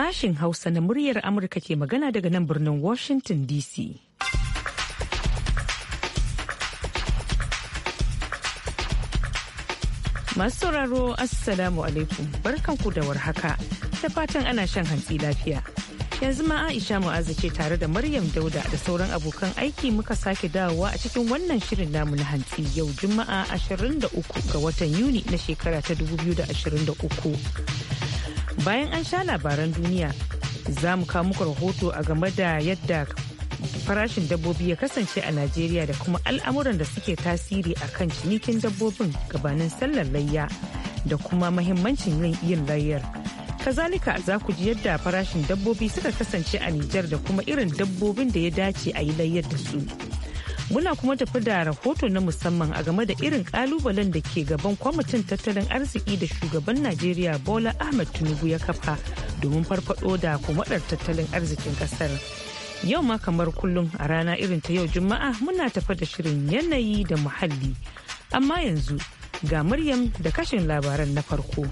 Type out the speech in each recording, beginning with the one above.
Sashin Hausa na muryar Amurka ke magana daga nan birnin Washington DC. Masu sauraro Assalamu alaikum barkanku da warhaka ta fatan ana shan hantsi lafiya. Yanzu ma Aisha Mu'azu ce tare da Maryam Dauda da sauran abokan aiki muka sake dawowa a cikin wannan shirin namu na hantsi yau Juma'a 23 ga watan Yuni na shekara ta 2023. bayan an sha labaran duniya za mu kawo muku rahoto a game da yadda farashin dabbobi ya kasance a najeriya da kuma al'amuran da suke tasiri a kan cinikin dabbobin gabanin sallar layya da kuma mahimmancin yin layyar kazalika za ku ji yadda farashin dabbobi suka kasance a nijar da kuma irin dabbobin da ya dace a yi layyar da su. Muna kuma tafi da rahoto na musamman a game da irin kalubalen da ke gaban kwamitin tattalin arziki da shugaban Najeriya Bola Ahmed Tinubu ya kafa domin farfado da kumadar tattalin arzikin kasar. Yau ma kamar kullum a rana irin ta yau Juma'a muna tafi da shirin yanayi da muhalli. Amma yanzu ga Maryam da kashin labaran na farko.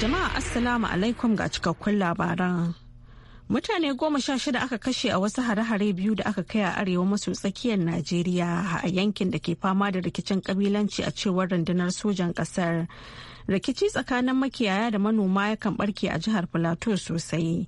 Jama'a Assalamu alaikum ga cikakkun labaran. Mutane goma sha shida aka kashe a wasu hare-hare biyu da aka kai a arewa maso tsakiyar Najeriya a yankin da ke fama da rikicin kabilanci a cewar rundunar sojan ƙasar. Rikici tsakanin makiyaya da manoma yakan barke a jihar Filato sosai.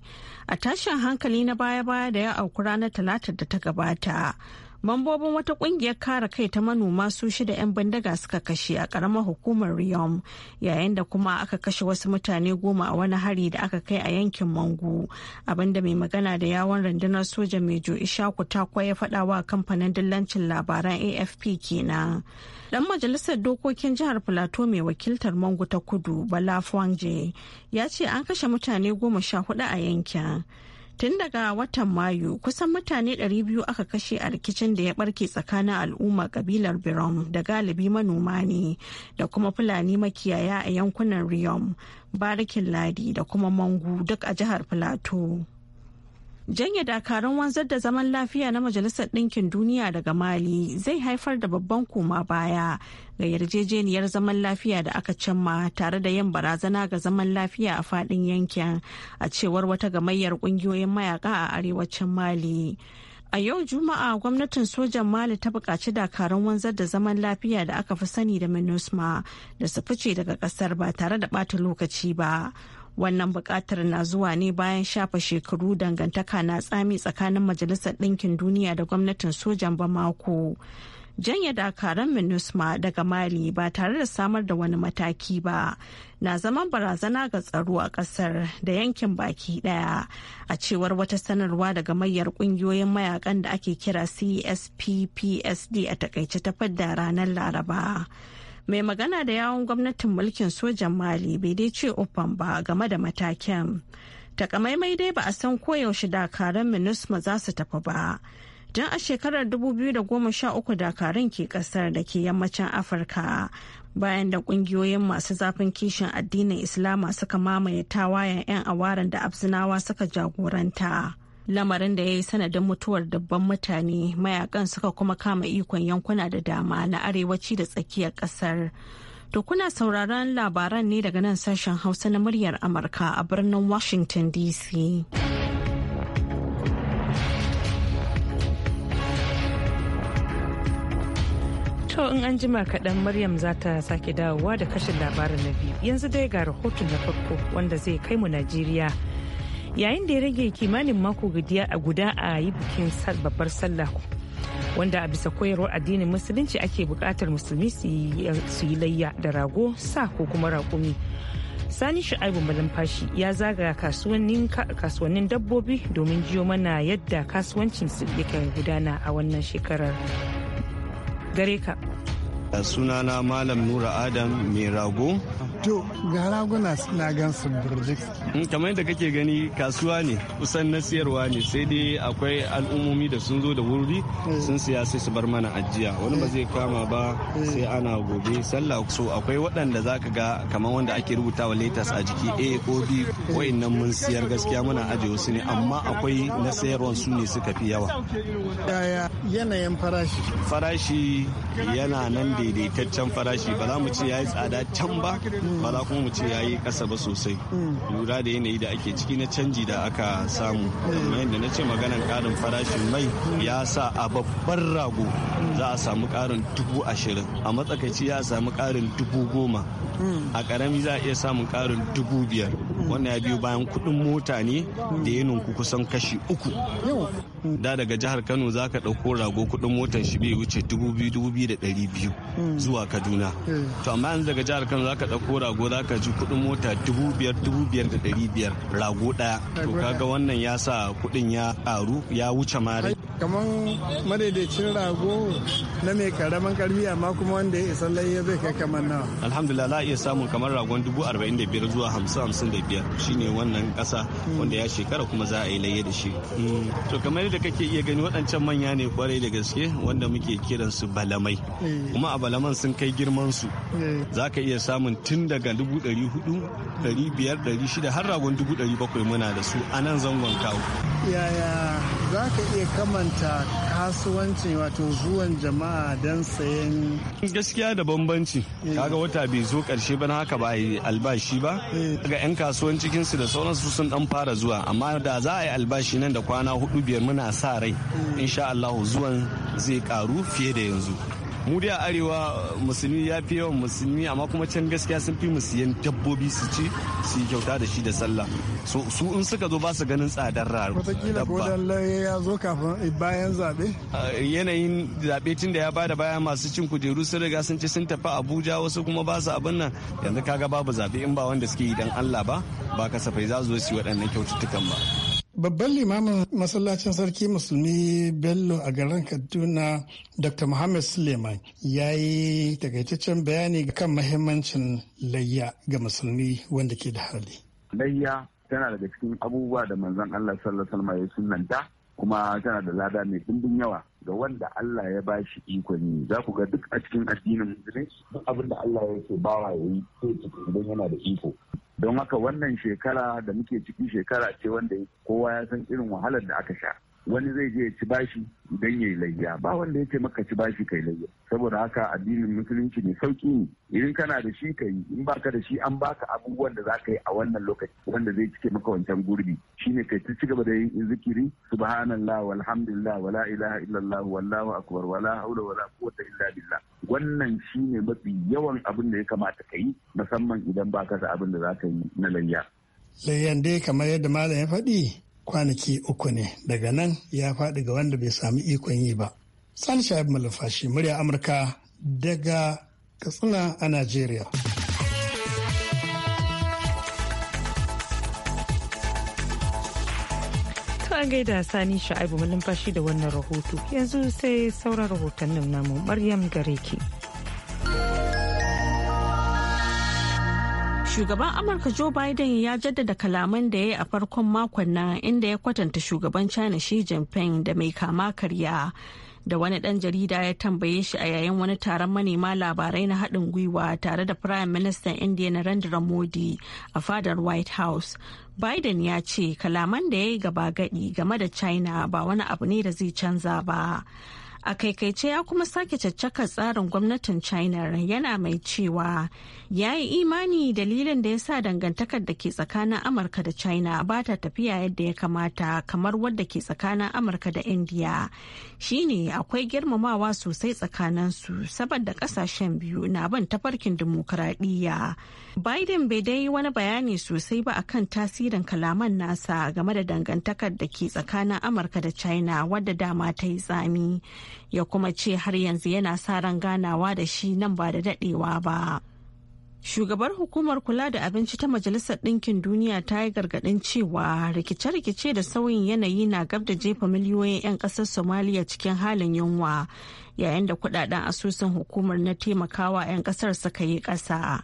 A tashin hankali na baya-baya da ya auku ranar talatar da ta gabata. Mambobin wata kungiyar kare kai ta manoma su shida 'yan bindiga suka kashe a karamar hukumar Riyom yayin da kuma aka kashe wasu mutane goma a wani hari da aka kai a yankin Mangu. Abinda mai magana da yawon rundunar soja Mejo Ishaku ta ya faɗa wa kamfanin dillancin labaran AFP kenan. Dan majalisar dokokin jihar Filato mai wakiltar Mangu ta kudu Bala Fwangje ya ce an kashe mutane goma sha hudu a yankin. tun daga watan mayu kusan mutane 200 aka kashe a rikicin da ya barke tsakanin al'umma kabilar birom da galibi manoma ne da kuma fulani makiyaya a yankunan riyom barikin ladi da kuma mangu duk a jihar plateau Janye dakarun wanzar da zaman lafiya na Majalisar Ɗinkin Duniya daga Mali zai haifar da babban koma baya ga yarjejeniyar zaman lafiya da aka cimma tare da yin barazana ga zaman lafiya a faɗin yankin a cewar wata gamayyar ƙungiyoyin mayaka a arewacin Mali. A yau Juma'a gwamnatin sojan Mali ta buƙaci dakarun wanzar da zaman lafiya da aka fi sani da MINUSMA da su fice daga ƙasar ba tare da ɓata lokaci ba. wannan buƙatar na zuwa ne bayan shafa shekaru dangantaka na tsami tsakanin majalisar ɗinkin duniya da gwamnatin sojan bamako janye dakaran minusma daga mali ba tare da samar da wani mataki ba na zaman barazana ga tsaro a kasar da yankin baki daya a cewar wata sanarwa daga mayar kungiyoyin mayakan da ake kira csppsd a takaice ta fadda ranar laraba mai magana da yawon gwamnatin mulkin sojan mali bai dai ce uban ba game da matakin takamaimai dai ba a san koyaushe dakarun minusma za su tafi ba don a shekarar 2013 dakarun ke kasar da ke yammacin afirka bayan da kungiyoyin masu zafin kishin addinin islama suka mamaye tawayen 'yan awaran da abzinawa suka jagoranta lamarin da ya yi sanadin mutuwar dabban mutane mayakan suka kuma kama ikon yankuna da dama na arewaci da tsakiyar kasar to kuna sauraron labaran ne daga nan sashen hausa na muryar amurka a birnin washington dc To in an jima kaɗan Maryam za ta sake dawowa da kashin labarin na biyu yanzu dai ga rahoton na farko wanda zai kai mu Najeriya. yayin da ya rage kimanin mako guda a yi bikin babbar sallah wanda a bisa koyarwar addinin musulunci ake bukatar musulmi su yi layya da rago sa ko kuma raƙumi sani sha'ibu malamfashi ya zaga kasuwannin dabbobi domin jiyo mana yadda kasuwancin su yake gudana a wannan shekarar gare ka sunana malam nura adam mai rago to ga raguna suna gan su burjik mm, kamar yadda kake gani kasuwa ne kusan na siyarwa ne sai dai akwai al'ummomi da sun zo da wuri eh. sun siya sai su bar mana ajiya wani ba eh. zai kama ba eh. sai ana gobe sallah so akwai waɗanda za ka ga kamar wanda ake rubuta wa letas a jiki a ko b wa'annan mun siyar gaskiya muna aje wasu ne amma akwai na sayarwan su ne suka fi yawa yanayin farashi farashi yana nan da daidaitaccen farashi ba za mu ce ya yi tsada can ba ba za kuma mu ce ya yi ƙasa ba sosai lura da yanayi da ake ciki na canji da aka samu amma yadda na ce maganan ƙarin farashin mai ya sa a babban rago za a samu ƙarin dubu ashirin a matsakaici ya samu ƙarin dubu goma a ƙarami za a iya samun ƙarin dubu biyar wannan ya biyu bayan kuɗin mota ne da ya ninku kusan kashi uku da daga jihar kano za ka ɗauko rago kuɗin motar shi bai wuce dubu biyu dubu biyu da ɗari biyu zuwa kaduna to amma yanzu daga jihar kano za ka ɗauko rago za ka ji kuɗin mota dubu biyar dubu biyar da ɗari biyar rago ɗaya to kaga wannan ya sa kuɗin ya ƙaru ya wuce ma kamar madaidaicin rago na mai karamin karfi amma kuma wanda ya isa layya zai kai kamar nawa alhamdulillah za a iya samun kamar ragon dubu arba'in da biyar zuwa hamsin hamsin da biyar shine wannan kasa hmm. wanda ya shekara kuma za a yi laye da shi hmm. to kamar yadda kake iya gani waɗancan manya ne kwarai da gaske wanda muke kiran su balamai eh. kuma a balaman sun kai girman su eh. za ka iya samun tun daga dubu ɗari hudu ɗari biyar ɗari shida har ragon dubu ɗari bakwai muna da su a nan zangon kawo yaya za ka iya kamanta kasuwanci wato zuwan jama'a don sayen gaskiya da bambanci eh. kaga wata bai zo karshe ba na haka ba yi albashi ba Daga eh. yan kasuwan cikinsu su da sauransu sun dan fara zuwa amma da za a yi albashi nan da kwana hudu biyar muna sa rai eh. insha Allah zuwan zai karu fiye da yanzu mu dai a arewa musulmi ya fi yawan musulmi amma kuma can gaskiya sun fi mu dabbobi su ci su yi kyauta da shi da sallah so su in suka zo ba su ganin tsadar raro wataƙila ko lallai ya zo kafin bayan zaɓe yanayin zaɓe tun da ya bada baya masu cin kujeru sun riga sun ci sun tafi abuja wasu kuma ba su abin nan yanzu kaga babu zaɓe in ba wanda suke yi dan allah ba ba kasafai za su zo su yi waɗannan kyaututtukan ba Babban limamin masallacin sarki musulmi Bello a garin Kaduna Dr. Muhammad Suleiman ya yi takaitaccen bayani kan mahimmancin layya ga musulmi wanda ke da hali. Layya tana daga cikin abubuwa da manzon Allah sallallahu alaihi wasallam ya sunanta kuma tana da lada mai dimbin yawa ga wanda Allah ya ba shi ikon yi za ku ga duk a cikin addinin musulmi duk abin da Allah ya ce bawa ya yi sai idan yana da iko don haka wannan shekara da muke ciki shekara ce wanda kowa ya san irin wahalar da aka sha wani zai je ya ci bashi don ya yi layya ba wanda ya ce maka ci bashi kai layya saboda haka addinin musulunci ne sauki ne idan kana da shi kai in baka da shi an baka abubuwan da zaka yi a wannan lokaci wanda zai cike maka wancan gurbi shine kai ta cigaba da yin zikiri subhanallah walhamdulillah wala ilaha illallah wallahu akbar wala haula wala quwwata illa billah wannan shine mafi yawan abin da ya kamata ka yi musamman idan baka da abin da ka yi na layya layyan dai kamar yadda malam ya faɗi kwanaki uku ne daga nan ya faɗi ga wanda bai sami ikon yi ba sani shahab malafashi murya amurka daga katsina a najeriya an gaida sani sha'ibu malumfashi da wannan rahoto yanzu sai sauran rahotannin namu maryam gare ki. Shugaban Amurka Joe Biden ya jaddada kalaman da ya yi a farkon makon nan inda ya kwatanta shugaban China Xi Jinping da mai kama karya. Da wani ɗan jarida ya tambaye shi a yayin wani taron manema labarai na haɗin gwiwa tare da Prime Minister India Narendra Modi a fadar White House. Biden ya ce kalaman da ya yi gaba gadi game da China ba wani abu ne da zai canza ba. a kaikaice ya kuma sake caccakar tsarin gwamnatin china yana mai cewa ya yi imani dalilin da ya sa dangantakar da ke tsakanin amurka da china ba ta tafiya yadda ya kamata kamar wadda ke tsakanin amurka da india shine akwai girmamawa sosai tsakanin su saboda kasashen biyu na ban tafarkin dimokuraɗiyya biden bai dai wani bayani sosai ba akan tasirin kalaman nasa game da dangantakar da ke tsakanin amurka da china wadda dama ta yi tsami ya kuma ce har yanzu yana sa ran ganawa da shi nan ba da daɗewa ba. Shugabar hukumar kula da abinci ta Majalisar Ɗinkin Duniya ta yi gargaɗin cewa rikice-rikice da sauyin yanayi na gab da jefa miliyoyin 'yan ƙasar Somaliya cikin halin yunwa yayin da kudaden asusun hukumar na taimakawa 'yan ƙasar suka yi ƙasa.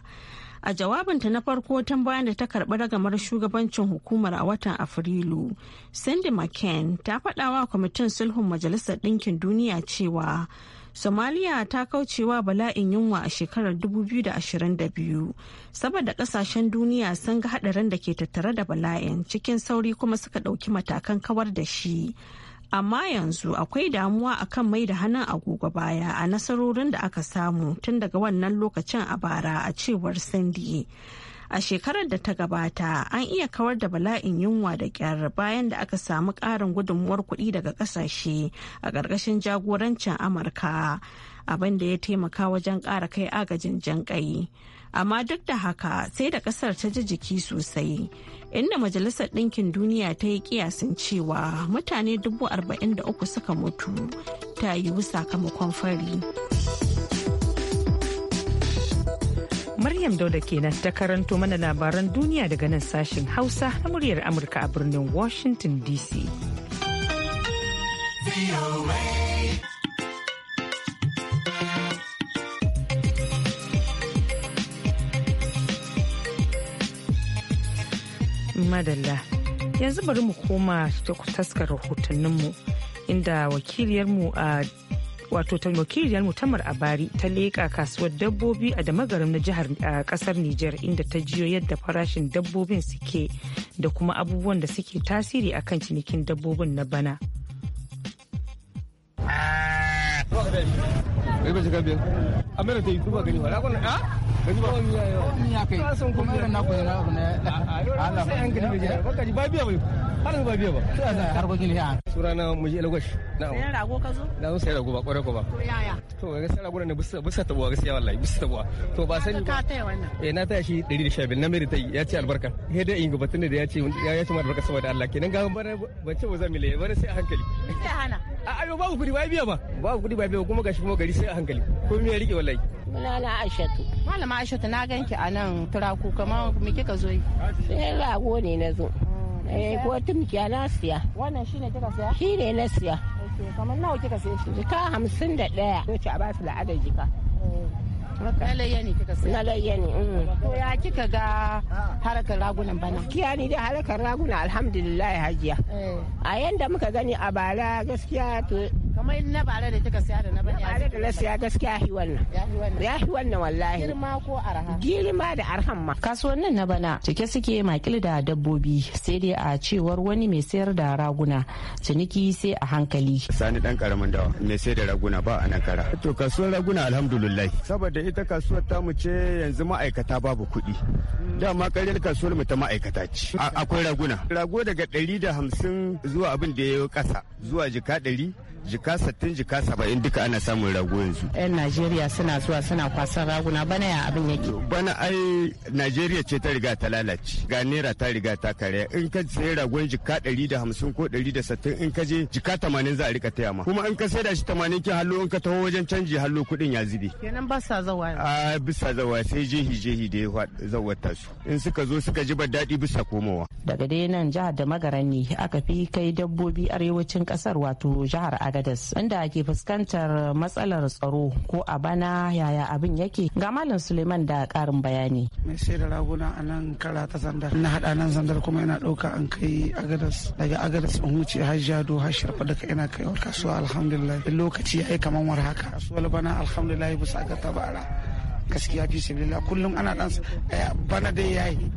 a jawabinta na farko tun bayan da ta karbi ragamar shugabancin hukumar a watan afrilu cindy mccain ta faɗawa kwamitin sulhun majalisar ɗinkin duniya cewa "Somalia ta kaucewa bala'in yunwa a shekarar 2022 saboda ƙasashen duniya sun ga haɗarin da ke tattare da bala'in cikin sauri kuma suka ɗauki matakan kawar da shi amma yanzu akwai damuwa akan mai da hannun agogo baya a nasarorin da aka samu tun daga wannan lokacin a bara a cewar sandy a shekarar da ta gabata an iya kawar da bala'in yunwa da kyar bayan da aka samu ƙarin gudunmuwar kuɗi daga ƙasashe a ƙarƙashin jagorancin amurka abin da ya taimaka wajen ƙara kai agajin jinƙai. amma duk da haka sai da ƙasar ta ji jiki sosai inda majalisar ɗinkin duniya ta yi kiyasin cewa mutane dubu arba'in da uku suka mutu ta yiwu sakamakon fari. Maryam Dauda kenan ta karanto mana labaran duniya daga nan sashen Hausa na muryar Amurka a birnin Washington DC. Madalla, yanzu bari mu koma ta taskar rahotanninmu inda wakiliyarmu a wato wakiliyar mutamar a bari ta leƙa kasuwar dabbobi a damagarin na jihar kasar Nijar inda ta jiyo yadda farashin dabbobin suke da kuma abubuwan da suke tasiri akan cinikin dabbobin na bana. har ba biya ba to yasa harkokin liya surana mu je lagos na'am sai rago ka zo na zo sai rago ba kwarai ko ba to yaya to ga sai rago ne bisa bisa buwa gaskiya wallahi bisa tabuwa to ba sani ba ka ta wannan eh na taya shi 115 na mai tai ya ce albarka he da inga batun da ya ce ya ce albarka saboda Allah kenan ga ban ba ce zan mile bare sai a hankali ta hana a ayo babu kudi ba biya ba babu kudi ba biya kuma gashi kuma gari sai a hankali ko me ya rike wallahi Malala Aishatu. Malama Aishatu na ganki a turaku kamar me kika zo yi? Sai rago ne na zo. Oh. eh ko tumkiya na siya wannan shine kika siya shine na siya kamar nawa kika siya shi jika ɗaya. ko ci a basu su la'adar jika eh. na layya ne kika siya na layya ne mm. ya kika ga harkar ragunan bana kiya ni da harkar raguna alhamdulillah hajiya eh. a yanda muka gani a bara gaskiya to kamar na bare da kika siya da na bane bare da na siya gaskiya yi wannan ya yi wannan wallahi girma ko arha girma da arhan ma kasuwannin na bana cike suke makil da dabbobi sai dai a cewar wani mai sayar da raguna ciniki sai a hankali sani dan karamin dawa mai sayar da raguna ba a nan kara to kasuwar raguna alhamdulillah saboda ita kasuwar ta mu ce yanzu ma'aikata babu kuɗi dama karyar kasuwar mu ta ma'aikata ce akwai raguna rago daga ɗari da hamsin zuwa abin da ya yi ƙasa zuwa jika ɗari jika jika sattin jika saba'in duka ana samun rago yanzu. 'Yan Najeriya suna zuwa suna kwasan raguna bana ya abin yake. Bana ai Najeriya ce ta riga ta lalace ga naira ta riga ta karya in ka sayi ragon jika ɗari da hamsin ko ɗari da sattin in ka je jika tamanin za a rika taya ma kuma in ka sai da shi tamanin ki hallo in ka taho wajen canji hallo kuɗin ya zube. Kenan ba sa zawa. A bisa zawa sai jehi jehi da ya zawata su in suka zo suka ji ba daɗi bisa komowa. Daga dai nan jihar da magaran ne aka fi kai dabbobi arewacin ƙasar wato jihar Agadez. Legas inda ke fuskantar matsalar tsaro ko a bana yaya abin yake ga Malam Suleiman da karin bayani. Mai sai da raguna a nan kara ta sandar. Na haɗa nan sandar kuma yana ɗauka an kai agadas daga agadas in wuce har jado har Sharfa daga ina kai kasuwa alhamdulillah. Lokaci ya yi kamar war haka. Kasuwar bana alhamdulillah bisa ga tabara. gaskiya fi kullum ana dan eh, bana dai yayi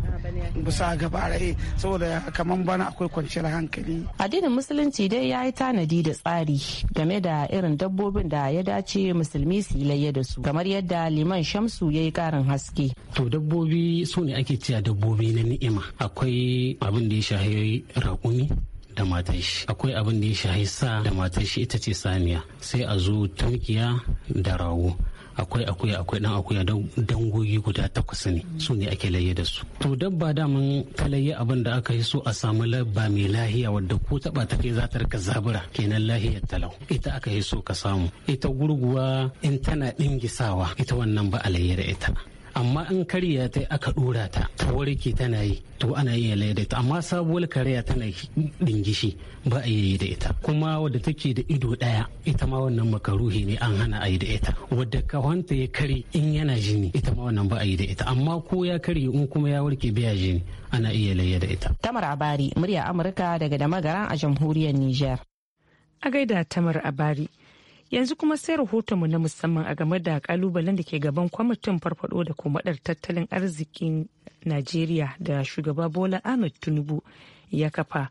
bisa ga baraye saboda kaman bana akwai kwanciyar hankali addinin musulunci dai yayi tanadi da tsari game da irin dabbobin da ya dace musulmi su layya da su kamar yadda liman shamsu yayi karin haske to dabbobi su ne ake cewa dabbobi na ni'ima akwai abin da ya shahi raƙumi da matan shi akwai abin da ya shahi sa da matan shi ita ce saniya sai a zo tunkiya da rawo akwai akuya akwai dan akuya dangogi guda takwas ne su ne ake laye da su to dabba daman ta talayi abin da aka yi so a samu labba mai lahiya wadda ko taba ta kai za ta rika zabura kenan lahiyar talau ita aka yi so ka samu ita gurguwa in tana dingisawa ita wannan ba a laye da ita amma in kariya ta aka dora ta warke tana yi to ana iya laida ta amma sabuwar kariya tana dingishi ba a yi da ita kuma wadda take da ido daya ita ma wannan makaruhi ne an hana a yi da ita wadda kawanta ya kare in yana jini ita ma wannan ba a yi da ita amma ko ya kare in kuma ya warke biya jini ana iya laida da ita tamar abari murya amurka daga damagaran a jamhuriyar niger a gaida tamar abari Yanzu kuma sai rahotonmu na musamman a game da kalubalen da ke gaban kwamitin farfado da komadar tattalin arzikin Najeriya da shugaba Bola Ahmed Tinubu ya kafa.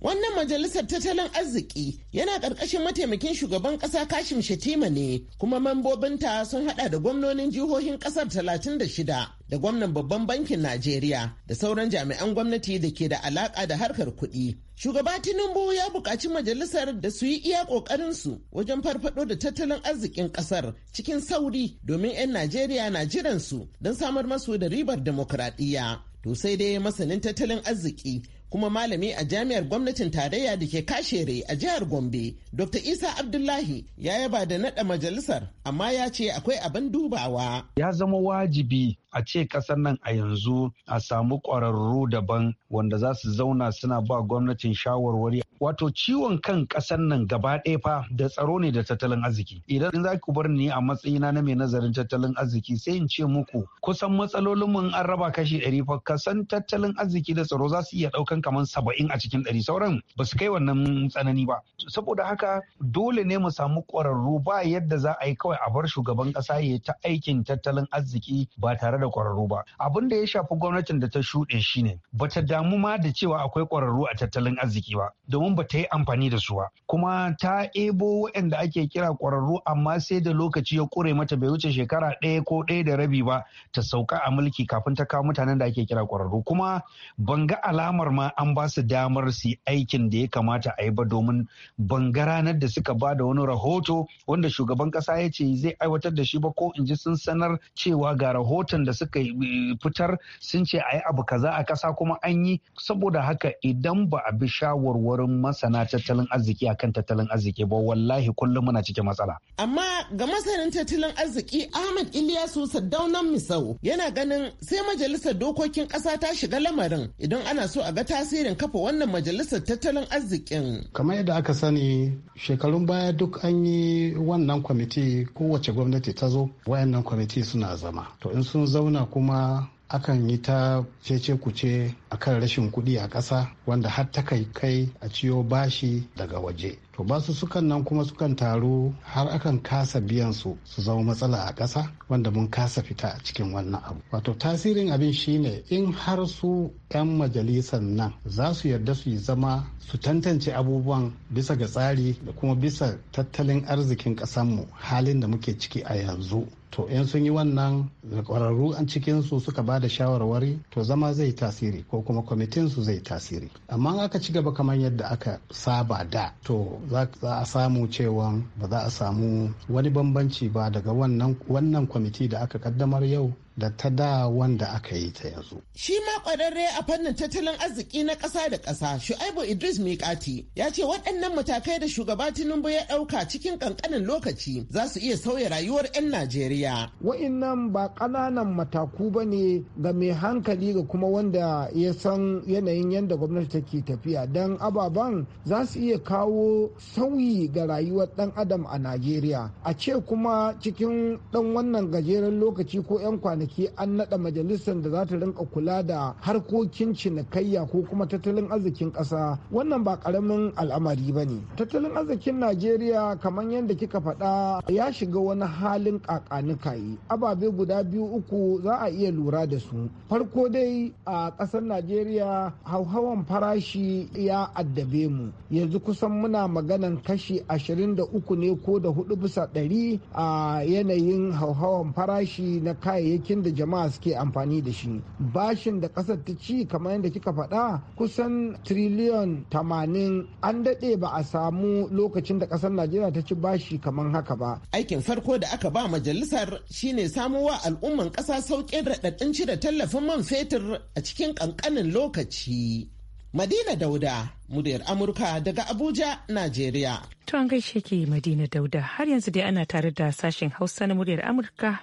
Wannan majalisar tattalin arziki yana ƙarƙashin mataimakin shugaban ƙasa Kashim Shatima ne, kuma mambobinta sun haɗa da gwamnonin jihohin ƙasar 36 da gwamnan babban bankin Najeriya da sauran jami'an gwamnati da ke da alaƙa da harkar kuɗi. Shugaba Tinubu ya buƙaci majalisar da su yi iya ƙoƙarinsu wajen farfaɗo da tattalin arzikin ƙasar cikin sauri domin 'yan Najeriya na jiransu don samar masu da ribar demokradiyya. To sai dai masanin tattalin arziki kuma malami a jami'ar gwamnatin tarayya da ke kashere a jihar Gombe, Dr. Isa Abdullahi ya yaba da naɗa majalisar amma ya ce akwai abin dubawa. Ya zama wajibi a ce ƙasar nan a yanzu a samu kwararru daban wanda za su zauna suna ba gwamnatin shawarwari wato ciwon kan kasan nan gaba ɗaya fa da tsaro ne da tattalin arziki idan za ku bar ni a matsayina na mai nazarin tattalin arziki sai in ce muku kusan matsalolin mun an raba kashi ɗari fa kasan tattalin arziki da tsaro za su iya ɗaukan kamar saba'in a cikin ɗari sauran ba su kai wannan tsanani ba saboda haka dole ne mu samu ƙwararru ba yadda za a yi kawai a bar shugaban ƙasa ya ta aikin tattalin arziki ba tare da ƙwararru ba abin da ya shafi gwamnatin da ta shuɗe shine bata damu ma da cewa akwai ƙwararru a tattalin arziki ba domin domin ba ta yi amfani da su ba kuma ta ebo waɗanda ake kira ƙwararru amma sai da lokaci ya ƙure mata bai wuce shekara ɗaya ko ɗaya da rabi ba ta sauka a mulki kafin ta kawo mutanen da ake kira ƙwararru kuma ban ga alamar ma an ba su damar su aikin da ya kamata a yi ba domin ban ga ranar da suka ba da wani rahoto wanda shugaban ƙasa ya ce zai aiwatar da shi ba ko in ji sun sanar cewa ga rahoton da suka eh, fitar sun ce a yi abu kaza a ƙasa kuma an yi saboda haka idan ba a bi shawarwarin masana tattalin arziki akan tattalin arziki ba wallahi kullum muna cikin matsala. Amma ga masanin tattalin arziki Ahmad Ilyasu Saddaunan Misau yana ganin sai majalisar dokokin ƙasa ta shiga lamarin idan ana so a ga tasirin kafa wannan majalisar tattalin arzikin. Kamar yadda aka sani shekarun baya duk an yi wannan kwamiti kowace gwamnati ta zo wayannan kwamiti suna zama. To in sun zauna kuma akan yi ta cece kuce akan rashin kuɗi a ƙasa wanda har ta kai kai a ciyo bashi daga waje to ba su sukan nan kuma sukan taru har akan kasa biyan su su zama matsala a ƙasa wanda mun kasa fita a cikin wannan abu wato tasirin abin shine in har su 'yan majalisar nan za su yarda su yi zama su tantance abubuwan bisa ga tsari da kuma bisa tattalin arzikin ƙasanmu halin da muke ciki a yanzu to in sun yi wannan kwararru an cikinsu suka ba da shawarwari to zama zai tasiri ko kuma kwamitin su zai tasiri amma aka ci gaba kamar yadda aka saba da to za a samu cewa ba za a samu wani bambanci ba daga wannan kwamiti da aka kaddamar yau da ta da wanda aka yi ta yanzu. Shi ma kwararre a fannin tattalin arziki na ƙasa da ƙasa Shu'aibu Idris Mikati ya ce waɗannan matakai da shugaba Tinubu ya ɗauka cikin ƙanƙanin lokaci za su iya sauya rayuwar 'yan Najeriya. Wa'innan ba ƙananan mataku ba ne ga mai hankali ga kuma wanda ya san yanayin yadda gwamnati take tafiya don ababen za su iya kawo sauyi ga rayuwar ɗan adam a Najeriya. A ce kuma cikin ɗan wannan gajeren lokaci ko 'yan kwanaki kwanaki an naɗa majalisar da za ta rinka kula da harkokin cinikayya ko kuma tattalin arzikin ƙasa wannan ba ƙaramin al'amari ba ne tattalin arzikin najeriya kamar yadda kika faɗa ya shiga wani halin ƙaƙanikayi ababe guda biyu uku za a iya lura da su farko dai a ƙasar najeriya hauhawan farashi ya addabe mu yanzu kusan muna maganan kashi ashirin da uku ne ko da hudu bisa ɗari a yanayin hauhawan farashi na kayayyaki kayayyakin da jama'a suke amfani da shi bashin da kasar ta ci kamar yadda kika faɗa kusan triliyon tamanin an daɗe ba a samu lokacin da kasar najeriya ta ci bashi kamar haka ba aikin farko da aka ba majalisar shine samowa al'umman ƙasa saukin raɗaɗin cire tallafin man fetur a cikin ƙanƙanin lokaci madina dauda muryar Amurka daga Abuja, Najeriya. To an gaishe ke Madina Dauda har yanzu dai ana tare da sashen Hausa na muryar Amurka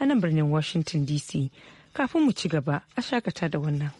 a nan birnin Washington DC. Kafin mu ci gaba a shakata da wannan.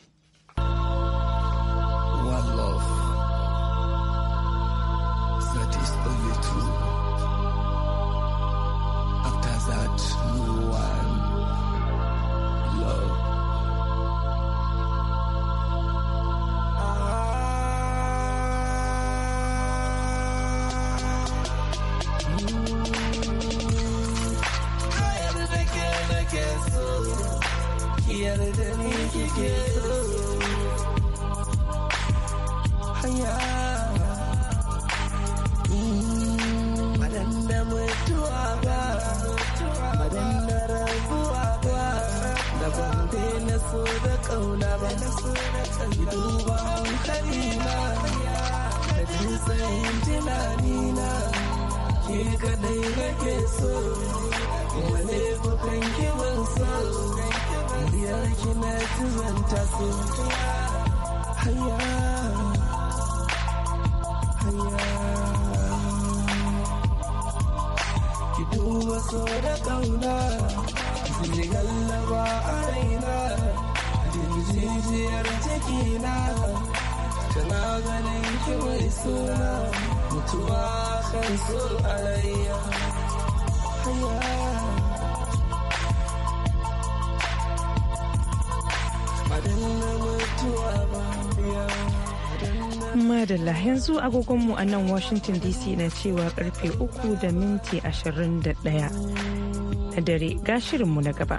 lallaba a raina jijijiyar cikina tana ganin ki mai suna mutuwa kan sun alayya Madalla yanzu agogonmu a nan Washington DC na cewa karfe uku da minti 21 na dare ga shirinmu na gaba.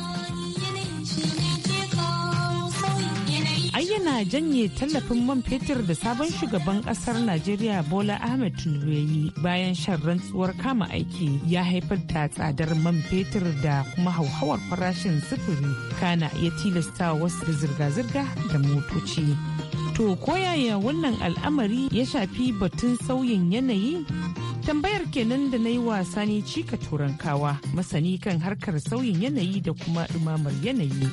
janye tallafin man fetur da sabon shugaban kasar Najeriya Bola Ahmed Tinubu yi bayan shan rantsuwar kama aiki ya haifar da tsadar man fetur da kuma hauhawar farashin sufuri kana iya tilasta wasu da zirga-zirga da motoci. To koyaya wannan al'amari ya shafi batun sauyin yanayi? Tambayar kenan da na yi wasa ne cika turankawa masani kan harkar sauyin yanayi da kuma dumamar yanayi.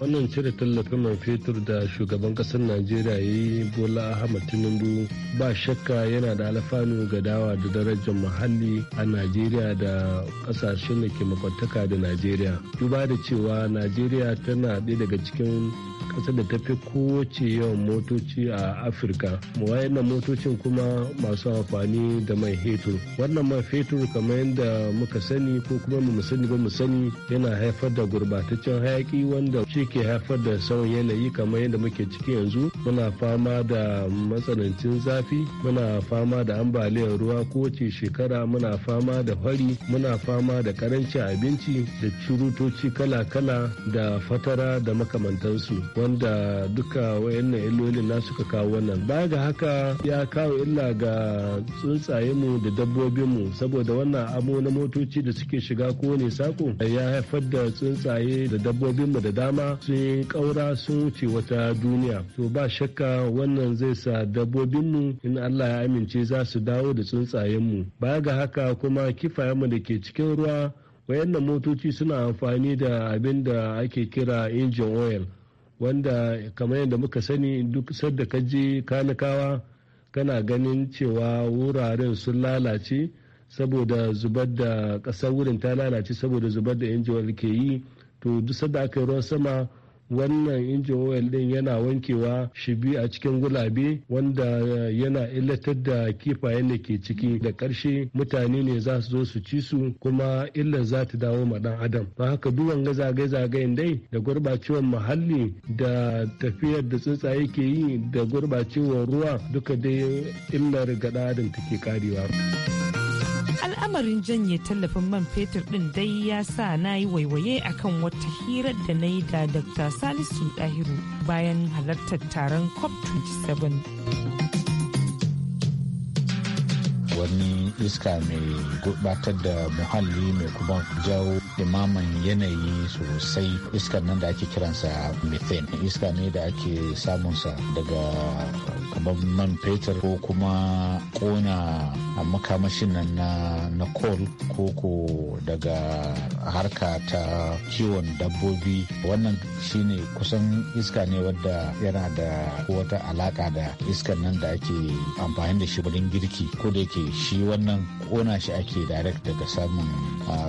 wannan cire tallafin man fetur da shugaban kasar najeriya ya yi bola ahmad tinubu ba shakka yana da alfanu ga dawa da darajar muhalli a najeriya da kasashen da ke makwantaka da najeriya duba da cewa najeriya tana ɗaya daga cikin ƙasar da tafi fi kowace yawan motoci a afirka wayannan motocin kuma masu amfani da mai fetur wannan mai fetur kamar yadda muka sani ko kuma mu sani ba mu sani yana haifar da gurbataccen hayaki wanda shi ke haifar da sauyin yanayi kamar yadda muke ciki yanzu muna fama da matsanancin zafi muna fama da ambaliyar ruwa kowace shekara muna fama da fari muna fama da karancin abinci da surutoci kala-kala da fatara da makamantansu wanda duka wayannan illolin na suka kawo wannan baya ga haka ya kawo illa ga tsuntsaye mu da mu saboda wannan abu na motoci da suke shiga kowane sako ya haifar da tsuntsaye da dabbobinmu da dama sun yi kaura sun wuce wata duniya to ba shakka wannan zai sa dabbobinmu in allah ya amince za su dawo da mu. baya ga haka kuma mu da ke cikin ruwa wayannan motoci suna amfani da abin da ake kira injin oil wanda kamar yadda muka sani duk sadda ka je kanikawa kana ganin cewa wuraren sun lalace saboda zubar da ƙasar wurin ta lalace saboda zubar da yan ke yi to duk sadda aka yi ruwan sama wannan injin oil din yana wankewa shi biyu a cikin gulabe wanda yana illatar da kifayen da ke ciki da ƙarshe mutane ne za su zo su ci su kuma illar za ta dawo ma dan adam ba haka duban ga zagaye-zagayen dai da gurɓacewar muhalli da tafiyar da tsuntsaye ke yi da gurɓacewar ruwa duka dai illar ga dan adam take karewa. lamarin janye tallafin man fetur din dai ya sa na yi waiwaye akan wata hira da na yi da Dr. Salisu Dahiru bayan halartar taron COP27. wani iska mai gurbatar da muhalli mai kuma jawo imaman yanayi sosai iskar nan da ake kiransa methane iska ne da ake samunsa daga kamar man fetur ko kuma kona a makamashin nan na, na kol ko ko daga harka ta kiwon dabbobi wannan shine kusan iska ne wadda yana da wata alaka da iskan nan da ake amfani da shi wurin girki ko da yake shi wannan kona shi ake direct daga samun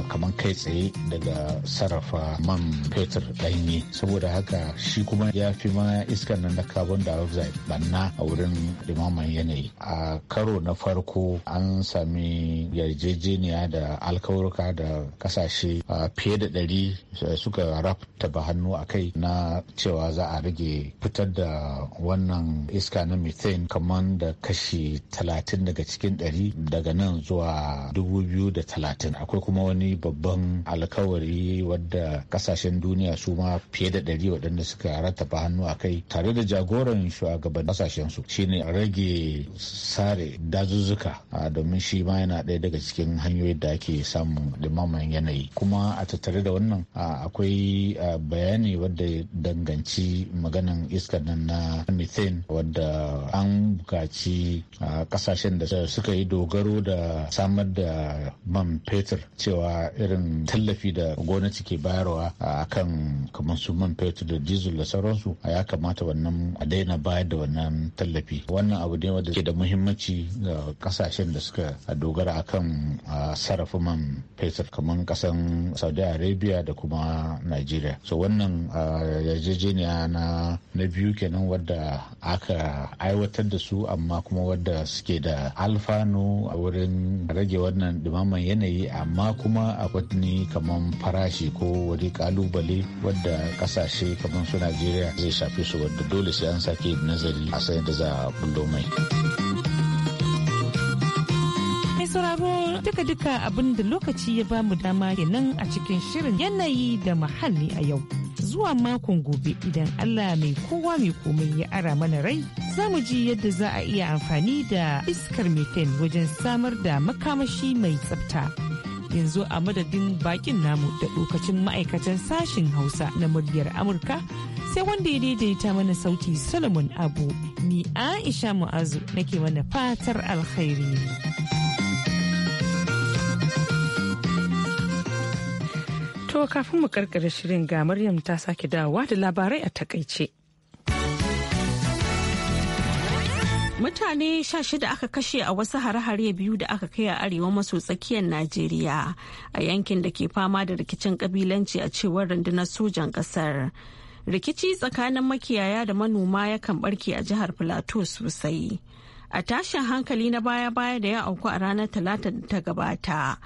kamar kai tsaye daga sarrafa man fetur ɗanye saboda haka shi kuma ya fi ma iskan nan na carbon dioxide banna a wurin wurin limaman yanayi a karo na farko an sami yarjejeniya da alkawurka da kasashe fiye da ɗari suka raftaba hannu a kai na cewa za a rage fitar da wannan iska na methane kamar da kashi talatin daga cikin ɗari daga nan zuwa dubu biyu da talatin akwai kuma wani babban alkawari wadda kasashen duniya su ma fiye da ɗari waɗanda suka rattaba hannu a kai tare da jagoran shugaban kasashen su su shine a rage sare dazuzzuka domin shi ma yana ɗaya daga cikin hanyoyin da ake samun limaman yanayi kuma a tattare da wannan akwai bayani wadda danganci maganan iskar nan na methane wadda an bukaci kasashen da suka yi dogaro da samar da man fetur cewa irin tallafi da gwamnati ke bayarwa a kan kamar su man fetur da diesel da sauransu ya kamata wannan a daina bayar da wannan tallafi tallafi wannan abu ne wanda ke da muhimmanci ga kasashen da suka dogara akan sarrafa man fetur kamar kasan saudi arabia da kuma nigeria so wannan yarjejeniya na na biyu kenan wadda aka aiwatar da su amma kuma wadda suke da alfanu a wurin rage wannan dumaman yanayi amma kuma akwai kamar farashi ko wani kalubale wadda kasashe kamar su najeriya zai shafi su wadda dole sai an sake nazari a sayan da za mai. sauraro duka duka abin da lokaci ya bamu dama kenan a cikin shirin yanayi da muhalli a yau zuwa makon gobe idan Allah mai kowa mai komai ya ara mana rai za mu ji yadda za a iya amfani da iskar methane wajen samar da makamashi mai tsafta yanzu a madadin bakin namu da lokacin ma'aikatan sashin hausa na muryar amurka sai wanda ya daidaita mana sauti solomon abu ni aisha mu'azu nake mana fatar alkhairi to kafin mu karkare shirin ga maryam ta sake dawowa da labarai a takaice mutane sha shida aka kashe a wasu hare-hare biyu da aka kai a arewa maso tsakiyar najeriya a yankin da ke fama da rikicin kabilanci a cewar rundunar sojan kasar rikici tsakanin makiyaya da manoma yakan barke a jihar plateau sosai a tashin hankali na baya-baya da ya auku a ranar talata da ta gabata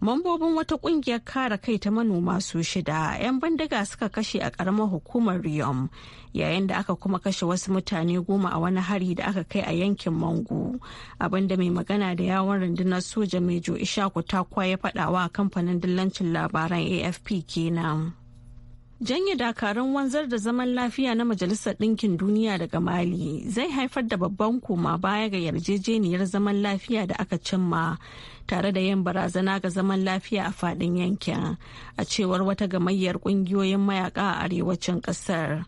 mambobin wata kungiyar kare kai ta manoma su shida 'yan bindiga suka kashe a karamar hukumar riyom yayin da aka kuma kashe wasu mutane goma a wani hari da aka kai a yankin mangu abinda mai magana da yawon rundunar soja mai jo ishaku takwa ya faɗawa kamfanin dillancin labaran afp kenan. Janye dakarun wanzar da zaman lafiya na Majalisar Ɗinkin Duniya daga Mali zai haifar da babban koma baya ga yarjejeniyar zaman lafiya da aka cimma tare da yin barazana ga zaman lafiya a faɗin yankin a cewar wata gamayyar ƙungiyoyin mayaka a arewacin ƙasar.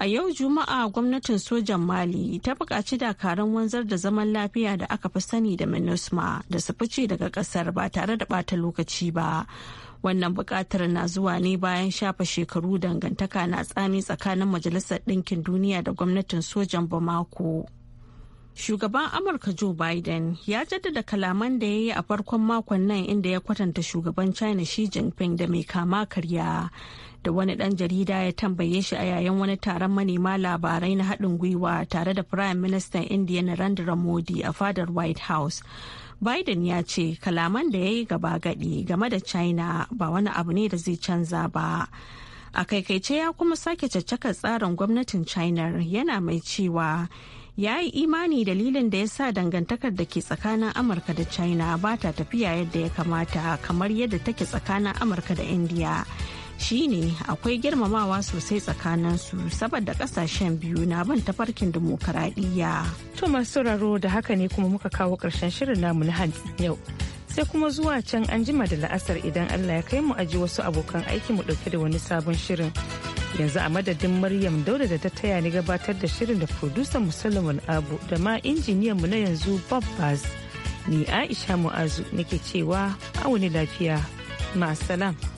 A yau Juma'a gwamnatin sojan Mali ta buƙaci dakarun wanzar da zaman lafiya da aka fi sani da MINUSMA da su fice daga ƙasar ba tare da ɓata lokaci ba. wannan buƙatar na zuwa ne bayan shafa shekaru dangantaka na tsami tsakanin majalisar ɗinkin duniya da gwamnatin sojan bamako shugaban amurka joe biden ya jaddada kalaman da ya yi a farkon makon nan inda ya kwatanta shugaban china shi jinping da mai kama karya da wani dan jarida ya tambaye shi a yayin wani taron manema labarai na haɗin gwiwa tare da prime minister india narendra modi a fadar white house Biden ya ce kalaman da ya yi gaba gadi game da China ba wani abu ne da zai canza ba. A kaikaice ya kuma sake caccakar tsarin gwamnatin China yana mai cewa ya yi imani dalilin da ya sa dangantakar da ke tsakanin Amurka da China ba ta tafiya yadda ya kamata kamar yadda take tsakanin Amurka da India. shine akwai girmamawa sosai tsakanin su saboda kasashen biyu na ban tafarkin dimokuraɗiyya. To masu sauraro da haka ne kuma muka kawo ƙarshen shirin namu na hantsi yau. Sai kuma zuwa can an jima da la'asar idan Allah ya kai mu aji wasu abokan aiki mu ɗauke da wani sabon shirin. Yanzu a madadin Maryam Dauda da ta taya ni gabatar da shirin da fudusan Musulman Abu da ma injiniyan mu na yanzu Bob Baz. Ni Aisha Mu'azu nake cewa auni lafiya. Ma'asalam.